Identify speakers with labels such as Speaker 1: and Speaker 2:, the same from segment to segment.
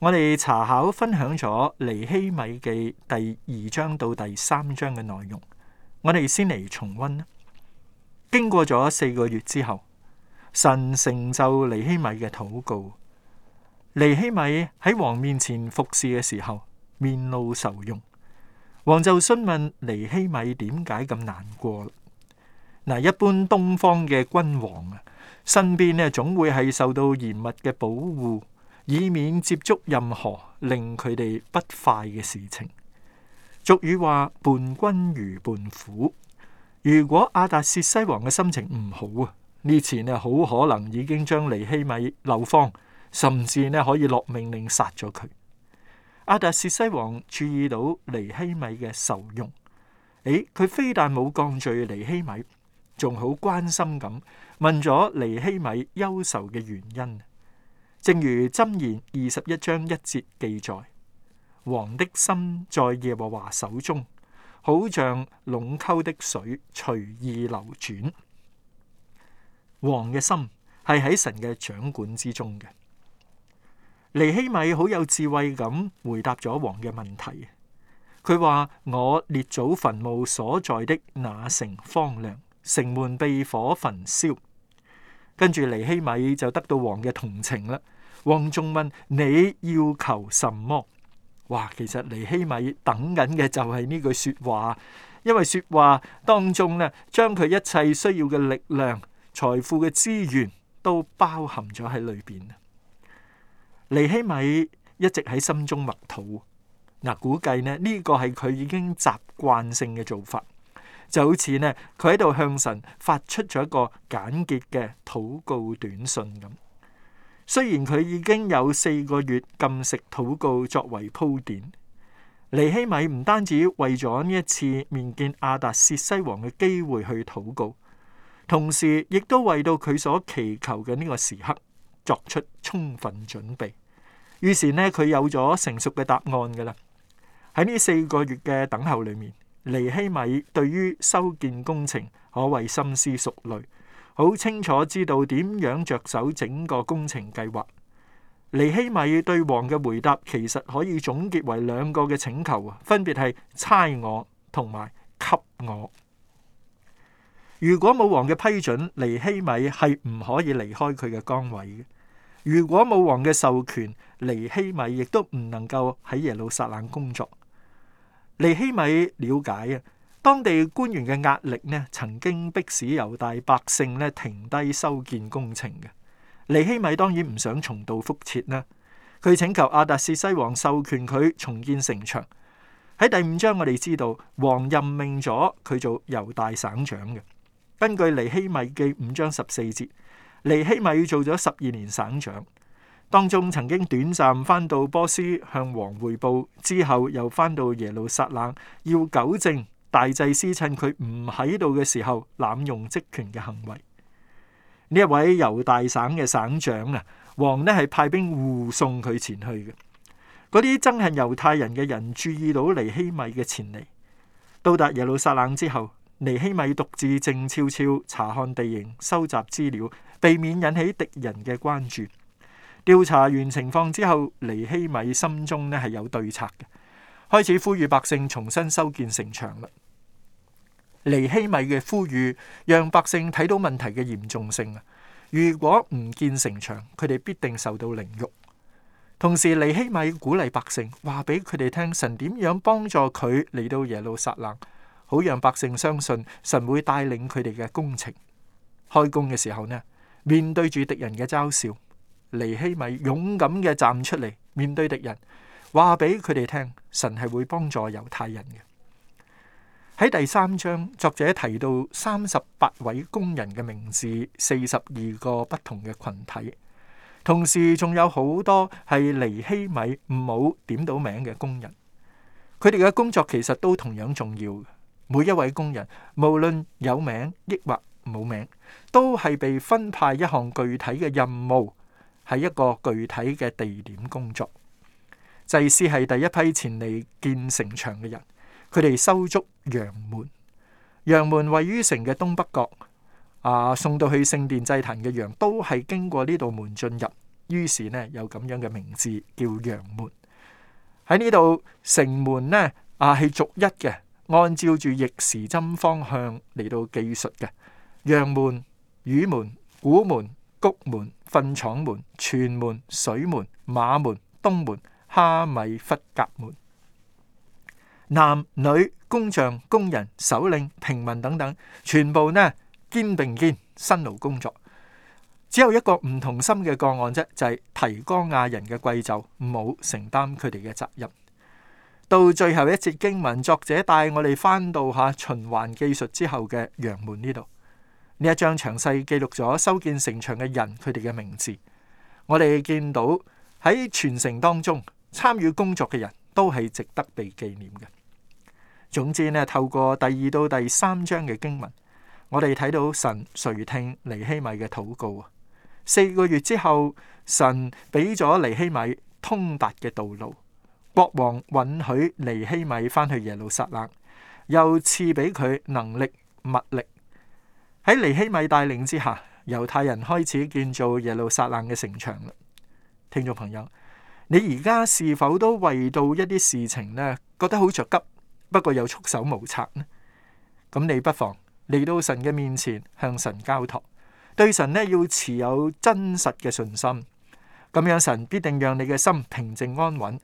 Speaker 1: 我哋查考分享咗尼希米記第二章到第三章嘅內容，我哋先嚟重溫啦。經過咗四個月之後，神成就尼希米嘅禱告。尼希米喺王面前服侍嘅時候，面露愁容。王就詢問尼希米點解咁難過。嗱，一般東方嘅君王啊，身邊咧總會係受到嚴密嘅保護。以免接觸任何令佢哋不快嘅事情。俗語話，伴君如伴虎。如果阿達薛西王嘅心情唔好啊，呢次呢好可能已經將尼希米流放，甚至呢可以落命令殺咗佢。阿達薛西王注意到尼希米嘅愁容，誒，佢非但冇降罪尼希米，仲好關心咁問咗尼希米憂愁嘅原因。正如箴言二十一章一節記載，王的心在耶和華手中，好像隴溝的水隨意流轉。王嘅心係喺神嘅掌管之中嘅。尼希米好有智慧咁回答咗王嘅問題，佢話：我列祖墳墓所在的那城荒涼，城門被火焚燒。跟住尼希米就得到王嘅同情啦。王仲問：你要求什麼？哇，其實尼希米等緊嘅就係呢句說話，因為說話當中咧，將佢一切需要嘅力量、財富嘅資源都包含咗喺裏邊。尼希米一直喺心中默禱。嗱，估計咧，呢個係佢已經習慣性嘅做法。就好似呢，佢喺度向神發出咗一個簡潔嘅禱告短信咁。雖然佢已經有四個月禁食禱告作為鋪墊，尼希米唔單止為咗呢一次面見亞達薛西王嘅機會去禱告，同時亦都為到佢所祈求嘅呢個時刻作出充分準備。於是呢，佢有咗成熟嘅答案噶啦，喺呢四個月嘅等候裏面。尼希米對於修建工程可謂深思熟慮，好清楚知道點樣着手整個工程計劃。尼希米對王嘅回答其實可以總結為兩個嘅請求啊，分別係差我同埋給我。如果冇王嘅批准，尼希米係唔可以離開佢嘅崗位嘅，如果冇王嘅授權，尼希米亦都唔能夠喺耶路撒冷工作。尼希米了解啊，當地官員嘅壓力呢，曾經迫使猶大百姓呢停低修建工程嘅。尼希米當然唔想重蹈覆轍啦，佢請求亞達士西王授權佢重建城牆。喺第五章我哋知道，王任命咗佢做猶大省長嘅。根據尼希米記五章十四節，尼希米做咗十二年省長。當中曾經短暫翻到波斯向王匯報之後，又翻到耶路撒冷，要糾正大祭司趁佢唔喺度嘅時候濫用職權嘅行為。呢一位猶大省嘅省長啊，王呢係派兵護送佢前去嘅。嗰啲憎恨猶太人嘅人注意到尼希米嘅前嚟。到達耶路撒冷之後，尼希米獨自靜悄悄查看地形，收集資料，避免引起敵人嘅關注。調查完情況之後，尼希米心中咧係有對策嘅，開始呼籲百姓重新修建城牆啦。尼希米嘅呼籲讓百姓睇到問題嘅嚴重性啊。如果唔建城牆，佢哋必定受到凌辱。同時，尼希米鼓勵百姓，話俾佢哋聽神點樣幫助佢嚟到耶路撒冷，好讓百姓相信神會帶領佢哋嘅工程。開工嘅時候呢，面對住敵人嘅嘲笑。尼希米勇敢嘅站出嚟面對敵人，話俾佢哋聽，神係會幫助猶太人嘅。喺第三章，作者提到三十八位工人嘅名字，四十二個不同嘅群體，同時仲有好多係尼希米冇點到名嘅工人。佢哋嘅工作其實都同樣重要，每一位工人無論有名抑或冇名，都係被分派一項具體嘅任務。喺一個具體嘅地點工作，祭司係第一批前嚟建城牆嘅人。佢哋收足羊門，羊門位於城嘅東北角。啊，送到去聖殿祭壇嘅羊都係經過呢度門進入。於是咧，有咁樣嘅名字叫羊門。喺呢度城門咧，啊，係逐一嘅，按照住逆時針方向嚟到記述嘅。羊門、魚門、古門、谷門。糞廠門、泉門、水門、馬門、東門、哈米弗甲門、男女工匠、工人、首領、平民等等，全部呢肩並肩辛勞工作，只有一個唔同心嘅個案啫，就係提哥亞人嘅貴胄冇承擔佢哋嘅責任。到最後一節經文，作者帶我哋翻到吓循環技術之後嘅羊門呢度。呢一張詳細記錄咗修建城牆嘅人，佢哋嘅名字。我哋見到喺全城當中參與工作嘅人都係值得被紀念嘅。總之咧，透過第二到第三章嘅經文，我哋睇到神垂聽尼希米嘅禱告啊。四個月之後，神俾咗尼希米通達嘅道路，國王允許尼希米翻去耶路撒冷，又賜俾佢能力、物力。喺尼希米帶領之下，猶太人開始建造耶路撒冷嘅城牆啦。聽眾朋友，你而家是否都為到一啲事情呢覺得好着急，不過又束手無策呢？咁你不妨嚟到神嘅面前向神交託，對神呢要持有真實嘅信心，咁樣神必定讓你嘅心平靜安穩。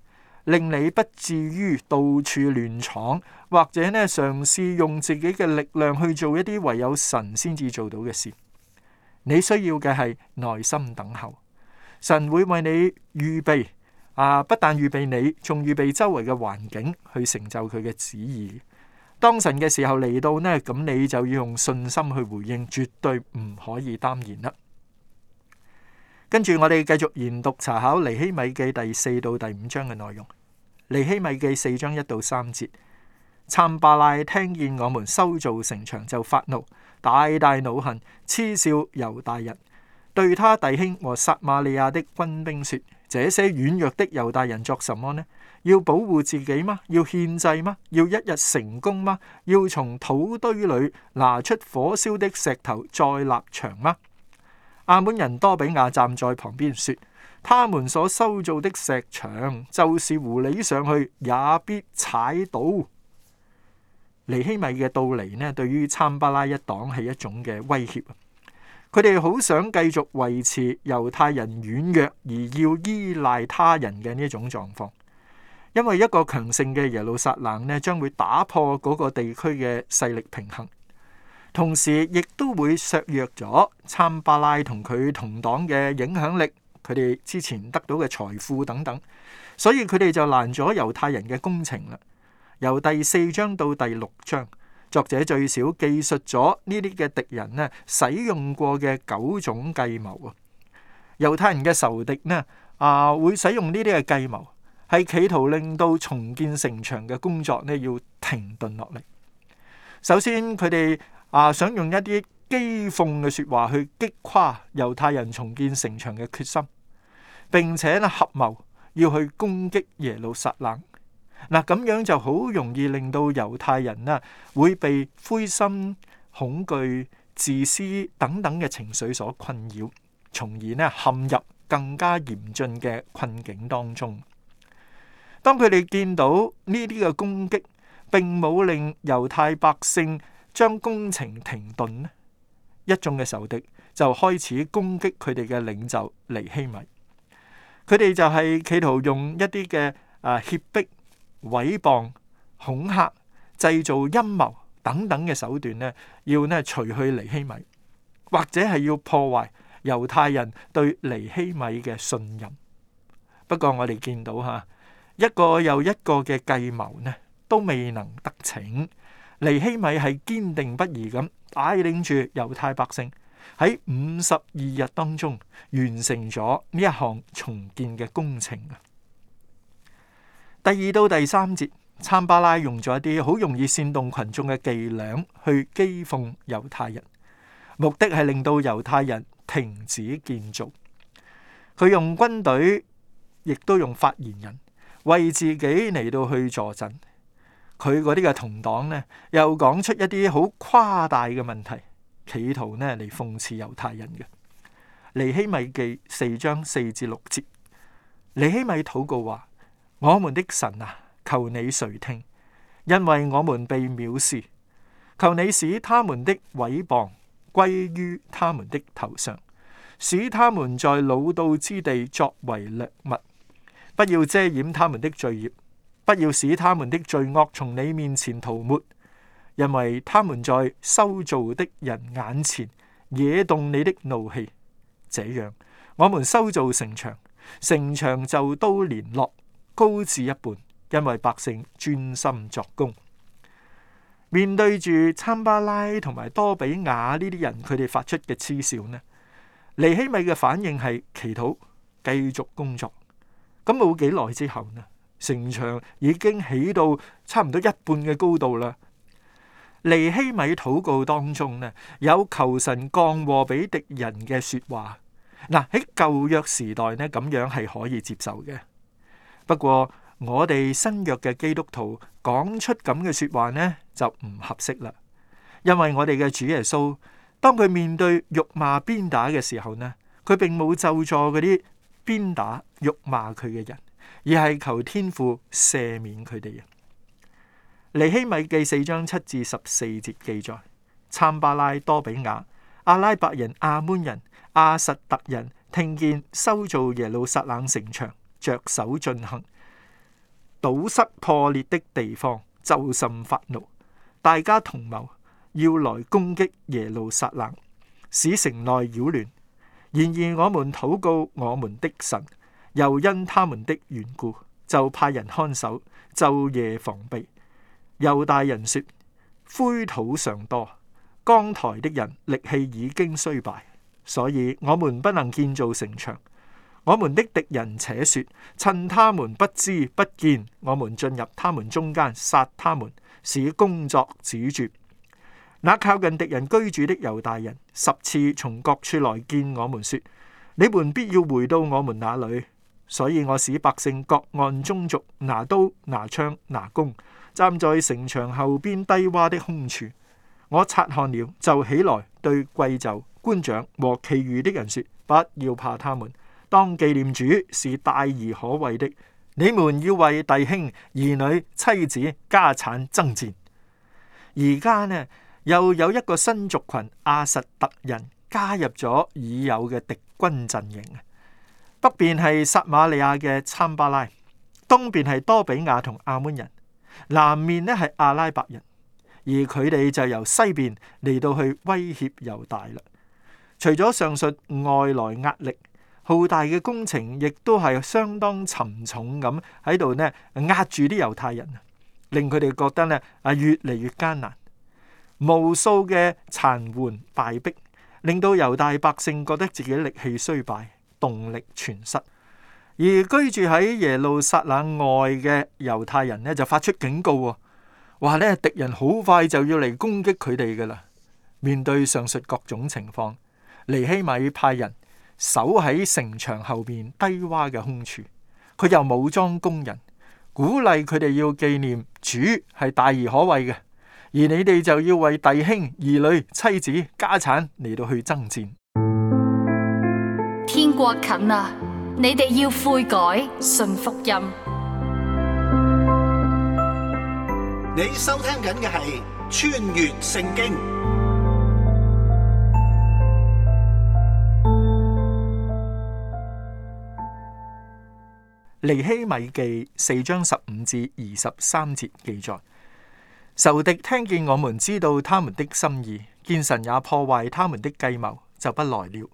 Speaker 1: 令你不至於到處亂闖，或者呢嘗試用自己嘅力量去做一啲唯有神先至做到嘅事。你需要嘅係耐心等候，神會為你預備啊！不但預備你，仲預備周圍嘅環境去成就佢嘅旨意。當神嘅時候嚟到呢，咁你就要用信心去回應，絕對唔可以擔言啦。跟住我哋繼續研讀查考尼希米記第四到第五章嘅內容。尼希米記四章一到三節，參巴拉聽見我們修造城牆就發怒，大大惱恨，嗤笑猶大人，對他弟兄和撒瑪利亞的軍兵說：這些軟弱的猶大人作什麼呢？要保護自己嗎？要獻祭嗎？要一日成功嗎？要從土堆裏拿出火燒的石頭再立牆嗎？亞們人多比亞站在旁邊說，他們所修造的石牆，就是狐狸上去也必踩到。尼希米嘅到嚟呢，對於參巴拉一黨係一種嘅威脅。佢哋好想繼續維持猶太人軟弱而要依賴他人嘅呢種狀況，因為一個強盛嘅耶路撒冷呢，將會打破嗰個地區嘅勢力平衡，同時亦都會削弱咗參巴拉同佢同黨嘅影響力。佢哋之前得到嘅財富等等，所以佢哋就攔咗猶太人嘅工程啦。由第四章到第六章，作者最少記述咗呢啲嘅敵人咧使用過嘅九種計謀啊。猶太人嘅仇敵咧啊，會使用呢啲嘅計謀，係企圖令到重建城牆嘅工作咧要停頓落嚟。首先，佢哋啊想用一啲譏諷嘅説話去擊垮猶太人重建城牆嘅決心。並且咧合謀要去攻擊耶路撒冷嗱，咁樣就好容易令到猶太人啊會被灰心、恐懼、自私等等嘅情緒所困擾，從而咧陷入更加嚴峻嘅困境當中。當佢哋見到呢啲嘅攻擊，並冇令猶太百姓將工程停頓咧，一眾嘅仇敵就開始攻擊佢哋嘅領袖尼希米。佢哋就係企圖用一啲嘅誒脅迫、毀謗、恐嚇、製造陰謀等等嘅手段咧，要咧除去尼希米，或者係要破壞猶太人對尼希米嘅信任。不過我哋見到嚇一個又一個嘅計謀咧，都未能得逞。尼希米係堅定不移咁，帶領住猶太百姓。喺五十二日當中完成咗呢一項重建嘅工程啊！第二到第三節，參巴拉用咗一啲好容易煽動群眾嘅伎倆去譏諷猶太人，目的係令到猶太人停止建造。佢用軍隊，亦都用發言人為自己嚟到去坐陣。佢嗰啲嘅同黨呢，又講出一啲好誇大嘅問題。企圖呢，嚟諷刺猶太人嘅。尼希米記四章四至六節，尼希米禱告話：我們的神啊，求你垂聽，因為我們被藐視，求你使他們的毀謗歸於他們的頭上，使他們在老道之地作為掠物，不要遮掩他們的罪孽，不要使他們的罪惡從你面前塗抹。因為他們在修造的人眼前惹動你的怒氣，這樣我們修造城牆，城牆就都連絡，高至一半，因為百姓專心做工。面對住參巴拉同埋多比雅呢啲人，佢哋發出嘅嗤笑呢，尼希米嘅反應係祈禱，繼續工作。咁冇幾耐之後呢，城牆已經起到差唔多一半嘅高度啦。尼希米禱告當中咧，有求神降禍俾敵人嘅說話。嗱，喺舊約時代呢，咁樣係可以接受嘅。不過我哋新約嘅基督徒講出咁嘅說話呢，就唔合適啦。因為我哋嘅主耶穌，當佢面對辱罵、鞭打嘅時候呢，佢並冇咒詛嗰啲鞭打、辱罵佢嘅人，而係求天父赦免佢哋嘅。尼希米記四章七至十四節記載：參巴拉、多比亞、阿拉伯人、亞捫人、亞實突人聽見修造耶路撒冷城牆，着手進行，堵塞破裂的地方就甚發怒，大家同謀要來攻擊耶路撒冷，使城內擾亂。然而我們禱告我們的神，又因他們的緣故，就派人看守，晝夜防備。猶大人說：灰土尚多，扛抬的人力氣已經衰敗，所以我們不能建造城牆。我們的敵人且說：趁他們不知不見，我們進入他們中間，殺他們，使工作止住。那靠近敵人居住的猶大人十次從各處來見我們，說：你們必要回到我們那裏。所以我使百姓各按宗族拿刀拿槍拿弓。站在城牆後邊低洼的空處，我察看了，就起來對貴胄、官長和其餘的人說：不要怕他們，當紀念主是大而可畏的。你們要為弟兄、兒女、妻子、家產爭戰。而家呢，又有一個新族群亞實特人加入咗已有嘅敵軍陣營。北邊係撒馬利亞嘅參巴拉，東邊係多比亞同阿門人。南面咧係阿拉伯人，而佢哋就由西邊嚟到去威脅猶大啦。除咗上述外來壓力，浩大嘅工程亦都係相當沉重咁喺度呢，壓住啲猶太人令佢哋覺得呢啊越嚟越艱難，無數嘅殘垣敗壁，令到猶大百姓覺得自己力氣衰敗，動力全失。而居住喺耶路撒冷外嘅猶太人呢，就發出警告啊！話咧敵人好快就要嚟攻擊佢哋噶啦。面對上述各種情況，尼希米派人守喺城牆後面低洼嘅空處。佢又武裝工人，鼓勵佢哋要紀念主係大而可畏嘅。而你哋就要為弟兄、兒女、妻子、家產嚟到去爭戰。天國近啊！你哋要悔改，信福音。你收聽緊嘅係《穿越聖經》。尼希米記四章十五至二十三節記載，仇敵聽見我們知道他們的心意，見神也破壞他們的計謀，就不來了。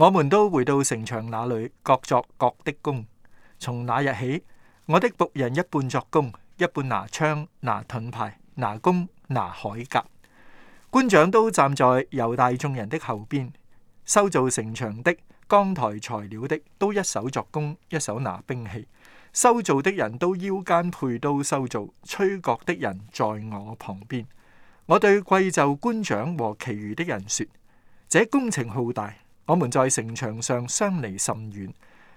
Speaker 1: 我們都回到城牆那裏，各作各的工。從那日起，我的僕人一半作工，一半拿槍、拿盾牌、拿弓、拿鎧甲。官長都站在猶大眾人的後邊，修造城牆的、扛抬材料的，都一手作工，一手拿兵器。修造的人都腰間配刀，修造吹角的人在我旁邊。我對貴胄官長和其餘的人說：這工程浩大。我們在城牆上相離甚遠，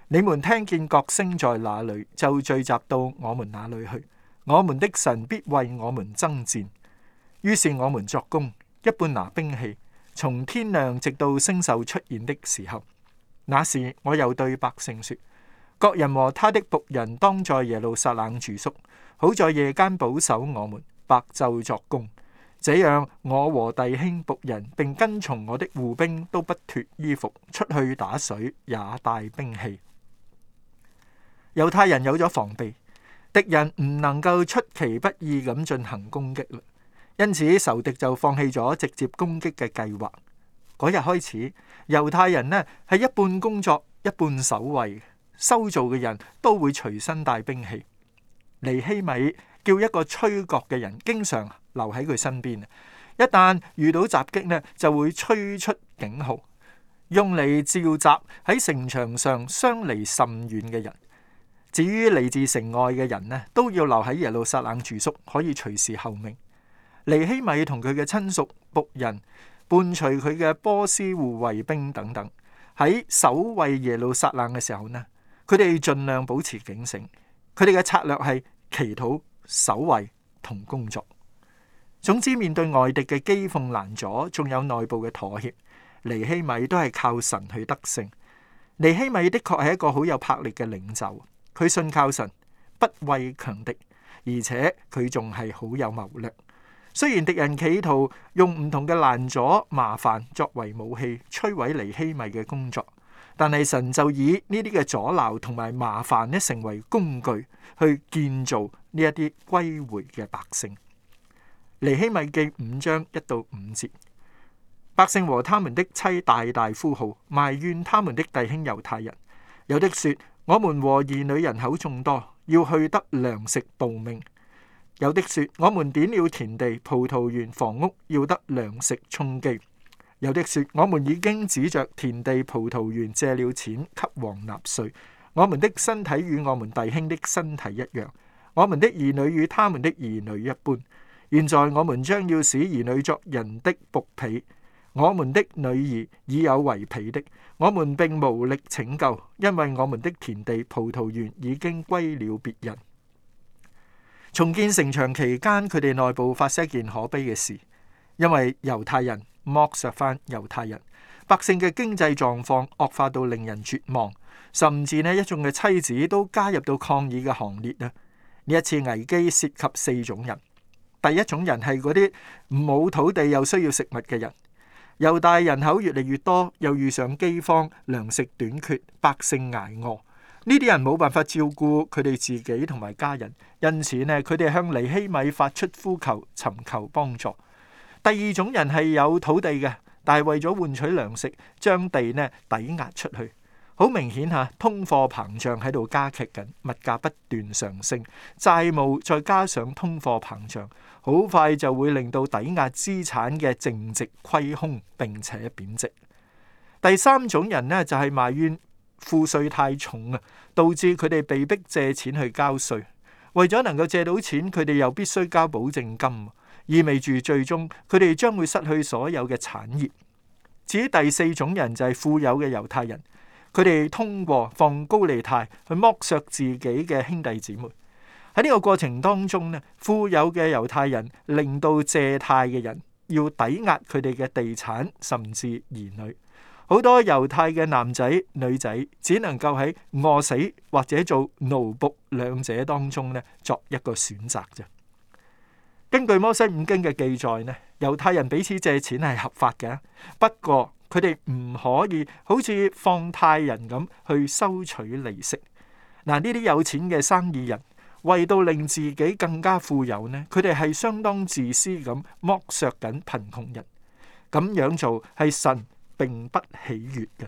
Speaker 1: 你們聽見角聲在哪裡，就聚集到我們那裡去。我們的神必為我們爭戰。於是我們作工，一半拿兵器，從天亮直到星宿出現的時候。那時我又對百姓說：各人和他的僕人當在耶路撒冷住宿，好在夜間保守我們，白晝作工。這樣，我和弟兄僕人並跟從我的護兵都不脫衣服出去打水，也帶兵器。猶太人有咗防備，敵人唔能夠出其不意咁進行攻擊，因此仇敵就放棄咗直接攻擊嘅計劃。嗰日開始，猶太人呢係一半工作一半守衛，修造嘅人都會隨身帶兵器。尼希米叫一個吹角嘅人經常留喺佢身邊啊！一旦遇到襲擊呢，就會吹出警號，用嚟召集喺城牆上相離甚遠嘅人。至於嚟自城外嘅人呢，都要留喺耶路撒冷住宿，可以隨時候命。尼希米同佢嘅親屬、僕人、伴隨佢嘅波斯護衛兵等等，喺守衛耶路撒冷嘅時候呢，佢哋盡量保持警醒。佢哋嘅策略係祈禱、守衛同工作。總之，面對外敵嘅譏諷難阻，仲有內部嘅妥協。尼希米都係靠神去得勝。尼希米的確係一個好有魄力嘅領袖，佢信靠神，不畏強敵，而且佢仲係好有謀略。雖然敵人企圖用唔同嘅難阻、麻煩作為武器摧毀尼希米嘅工作，但係神就以呢啲嘅阻撓同埋麻煩咧，成為工具去建造呢一啲歸回嘅百姓。尼希米記五章一到五節，百姓和他們的妻大大呼號，埋怨他們的弟兄猶太人。有的說：我們和兒女人口眾多，要去得糧食度命；有的說：我們典了田地、葡萄園、房屋，要得糧食充飢；有的說：我們已經指着田地、葡萄園借了錢給王納稅。我們的身體與我們弟兄的身體一樣，我們的兒女與他們的兒女一般。現在我們將要使兒女作人的僕婢。我們的女兒已有為婢的，我們並無力拯救，因為我們的田地葡萄園已經歸了別人。重建城牆期間，佢哋內部發生一件可悲嘅事，因為猶太人剝削翻猶太人，百姓嘅經濟狀況惡化到令人絕望，甚至呢一眾嘅妻子都加入到抗議嘅行列啊！呢一次危機涉及四種人。第一種人係嗰啲冇土地又需要食物嘅人，又大人口越嚟越多，又遇上饑荒、糧食短缺、百姓挨餓，呢啲人冇辦法照顧佢哋自己同埋家人，因此呢，佢哋向尼希米發出呼求，尋求幫助。第二種人係有土地嘅，但係為咗換取糧食，將地呢抵押出去。好明顯吓，通貨膨脹喺度加劇緊，物價不斷上升，債務再加上通貨膨脹，好快就會令到抵押資產嘅淨值虧空，並且貶值。第三種人呢，就係埋怨賦稅太重啊，導致佢哋被迫借錢去交稅，為咗能夠借到錢，佢哋又必須交保證金，意味住最終佢哋將會失去所有嘅產業。至於第四種人就係富有嘅猶太人。佢哋通過放高利貸去剝削自己嘅兄弟姊妹，喺呢個過程當中咧，富有嘅猶太人令到借貸嘅人要抵押佢哋嘅地產甚至兒女，好多猶太嘅男仔女仔只能夠喺餓死或者做奴僕兩者當中咧作一個選擇啫。根據摩西五經嘅記載咧，猶太人彼此借錢係合法嘅，不過，佢哋唔可以好似放貸人咁去收取利息嗱。呢啲有錢嘅生意人為到令自己更加富有呢，佢哋係相當自私咁剝削緊貧窮人。咁樣做係神並不喜悅嘅。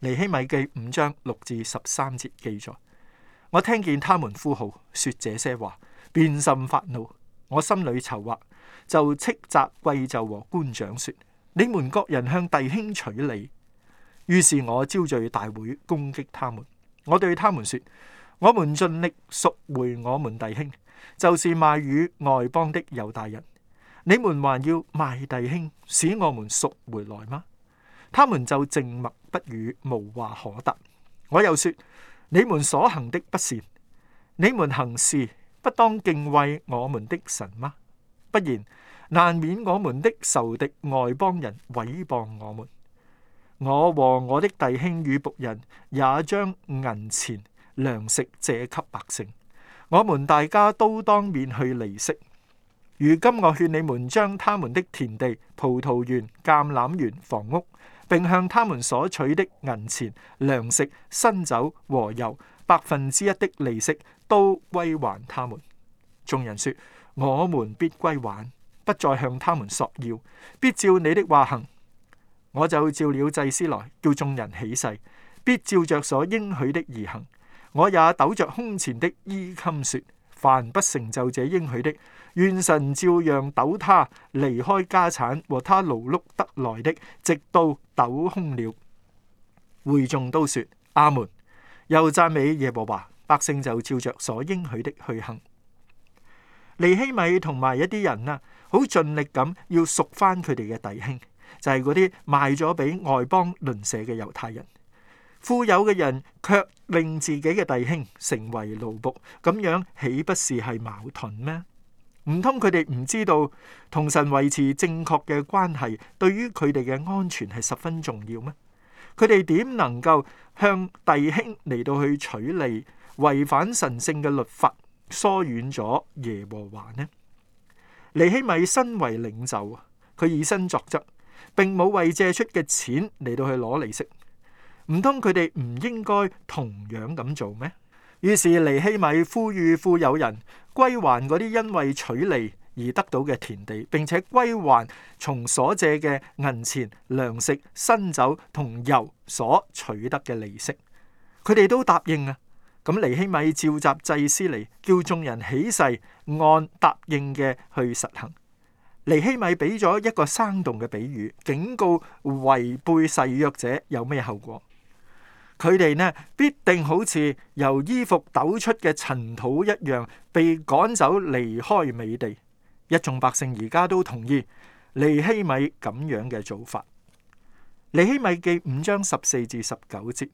Speaker 1: 尼希米記五章六至十三節記載：我聽見他們呼號，說這些話，便甚發怒。我心裡籌劃，就斥責貴冑和官長說。你們各人向弟兄取利，於是我招聚大會攻擊他們。我對他們說：我們盡力贖回我們弟兄，就是賣與外邦的猶大人。你們還要賣弟兄，使我們贖回來嗎？他們就靜默不語，無話可答。我又說：你們所行的不善，你們行事不當敬畏我們的神嗎？不然。難免我們的仇敵外邦人毀謗我們。我和我的弟兄與僕人也將銀錢、糧食借給百姓，我們大家都當面去利息。如今我勸你們將他們的田地、葡萄園、橄欖園、房屋，並向他們所取的銀錢、糧食、新酒和油百分之一的利息都歸還他們。眾人說：我們必歸還。不再向他們索要，必照你的話行。我就召了祭司來，叫眾人起誓，必照着所應許的而行。我也抖着胸前的衣襟說：凡不成就這應許的，願神照樣抖他離開家產和他勞碌得來的，直到抖空了。會眾都說：阿門。又讚美耶和華。百姓就照着所應許的去行。尼希米同埋一啲人啊。好盡力咁要贖翻佢哋嘅弟兄，就係嗰啲賣咗俾外邦鄰舍嘅猶太人。富有嘅人卻令自己嘅弟兄成為奴僕，咁樣豈不是係矛盾咩？唔通佢哋唔知道同神維持正確嘅關係，對於佢哋嘅安全係十分重要咩？佢哋點能夠向弟兄嚟到去取利，違反神聖嘅律法，疏遠咗耶和華呢？尼希米身為領袖，佢以身作則，並冇為借出嘅錢嚟到去攞利息，唔通佢哋唔應該同樣咁做咩？於是尼希米呼籲富有人歸還嗰啲因為取利而得到嘅田地，並且歸還從所借嘅銀錢、糧食、新酒同油所取得嘅利息，佢哋都答應啊。咁尼希米召集祭司嚟，叫眾人起誓，按答應嘅去實行。尼希米俾咗一個生動嘅比喻，警告違背誓約者有咩後果？佢哋呢，必定好似由衣服抖出嘅塵土一樣，被趕走離開美地。一眾百姓而家都同意尼希米咁樣嘅做法。尼希米記五章十四至十九節。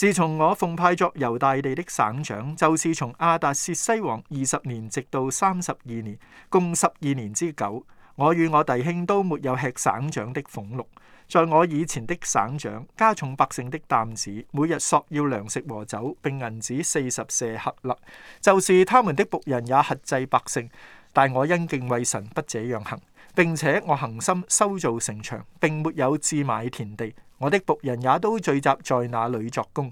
Speaker 1: 自從我奉派作猶大地的省長，就是從亞達薛西王二十年直到三十二年，共十二年之久。我與我弟兄都沒有吃省長的俸祿。在我以前的省長加重百姓的擔子，每日索要糧食和酒，並銀子四十舍客勒，就是他們的僕人也克制百姓。但我因敬畏神，不這樣行。並且我恆心修造城牆，並沒有置買田地。我的僕人也都聚集在那裏作工。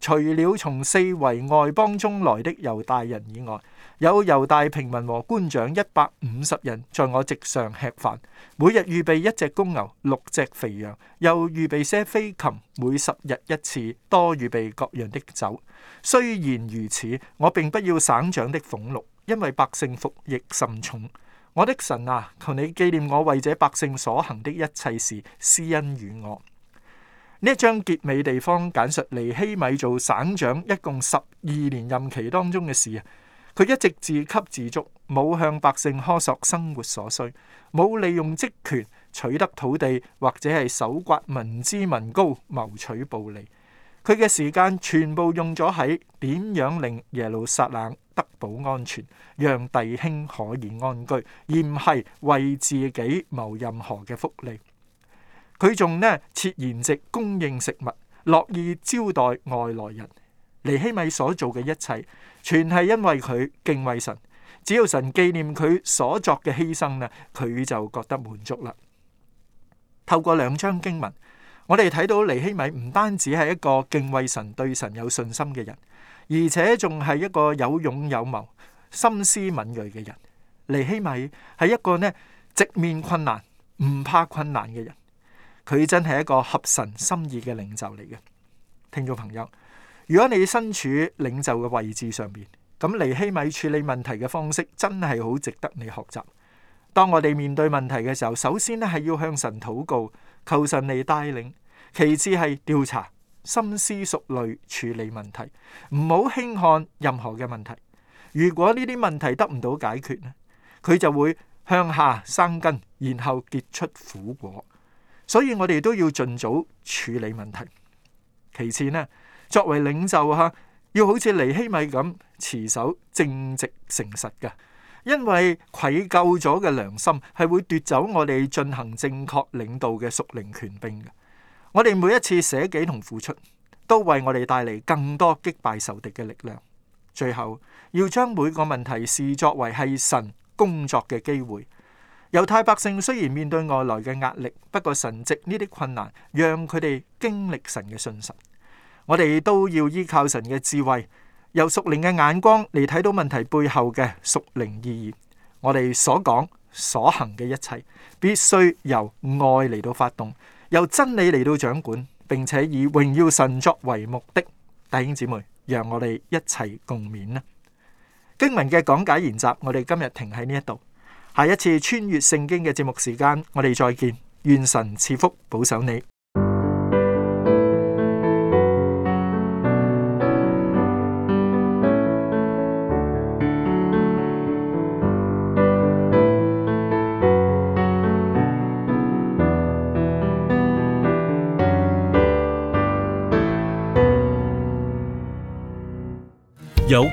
Speaker 1: 除了從四圍外邦中來的猶大人以外，有猶大平民和官長一百五十人在我席上吃飯。每日預備一隻公牛、六隻肥羊，又預備些飛禽。每十日一次，多預備各樣的酒。雖然如此，我並不要省長的俸祿，因為百姓服役甚重。我的神啊，求你紀念我為這百姓所行的一切事，施恩與我。呢一章結尾地方簡述尼希米做省長一共十二年任期當中嘅事啊，佢一直自給自足，冇向百姓苛索生活所需，冇利用職權取得土地或者係搜刮民脂民膏謀取暴利。佢嘅時間全部用咗喺點樣令耶路撒冷。得保安全，讓弟兄可以安居，而唔係為自己謀任何嘅福利。佢仲呢，設筵席供應食物，樂意招待外來人。尼希米所做嘅一切，全係因為佢敬畏神。只要神紀念佢所作嘅犧牲呢，佢就覺得滿足啦。透過兩章經文，我哋睇到尼希米唔單止係一個敬畏神、對神有信心嘅人。而且仲係一個有勇有謀、心思敏銳嘅人，尼希米係一個呢，直面困難、唔怕困難嘅人。佢真係一個合神心意嘅領袖嚟嘅。聽眾朋友，如果你身處領袖嘅位置上面，咁尼希米處理問題嘅方式真係好值得你學習。當我哋面對問題嘅時候，首先呢係要向神禱告，求神嚟帶領；其次係調查。深思熟慮，處理問題，唔好輕看任何嘅問題。如果呢啲問題得唔到解決咧，佢就會向下生根，然後結出苦果。所以我哋都要盡早處理問題。其次咧，作為領袖吓，要好似尼希米咁持守正直誠實嘅，因為愧疚咗嘅良心係會奪走我哋進行正確領導嘅屬靈權柄嘅。我哋每一次捨己同付出，都為我哋帶嚟更多擊敗仇敵嘅力量。最後，要將每個問題視作為係神工作嘅機會。猶太百姓雖然面對外來嘅壓力，不過神藉呢啲困難，讓佢哋經歷神嘅信實。我哋都要依靠神嘅智慧，由屬靈嘅眼光嚟睇到問題背後嘅屬靈意義。我哋所講所行嘅一切，必須由愛嚟到發動。由真理嚟到掌管，並且以榮耀神作為目的，弟兄姊妹，讓我哋一齊共勉啦。經文嘅講解研習，我哋今日停喺呢一度。下一次穿越聖經嘅節目時間，我哋再見。願神賜福保守你。